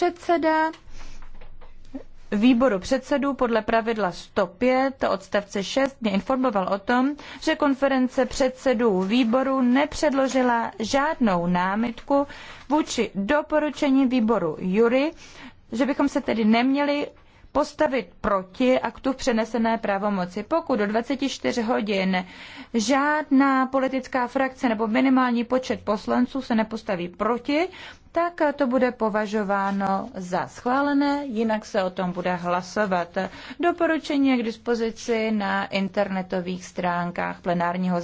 Předseda výboru předsedů podle pravidla 105 odstavce 6 mě informoval o tom, že konference předsedů výboru nepředložila žádnou námitku vůči doporučení výboru Jury, že bychom se tedy neměli postavit proti aktu v přenesené pravomoci. Pokud do 24 hodin žádná politická frakce nebo minimální počet poslanců se nepostaví proti, tak to bude považováno za schválené, jinak se o tom bude hlasovat. Doporučení je k dispozici na internetových stránkách plenárního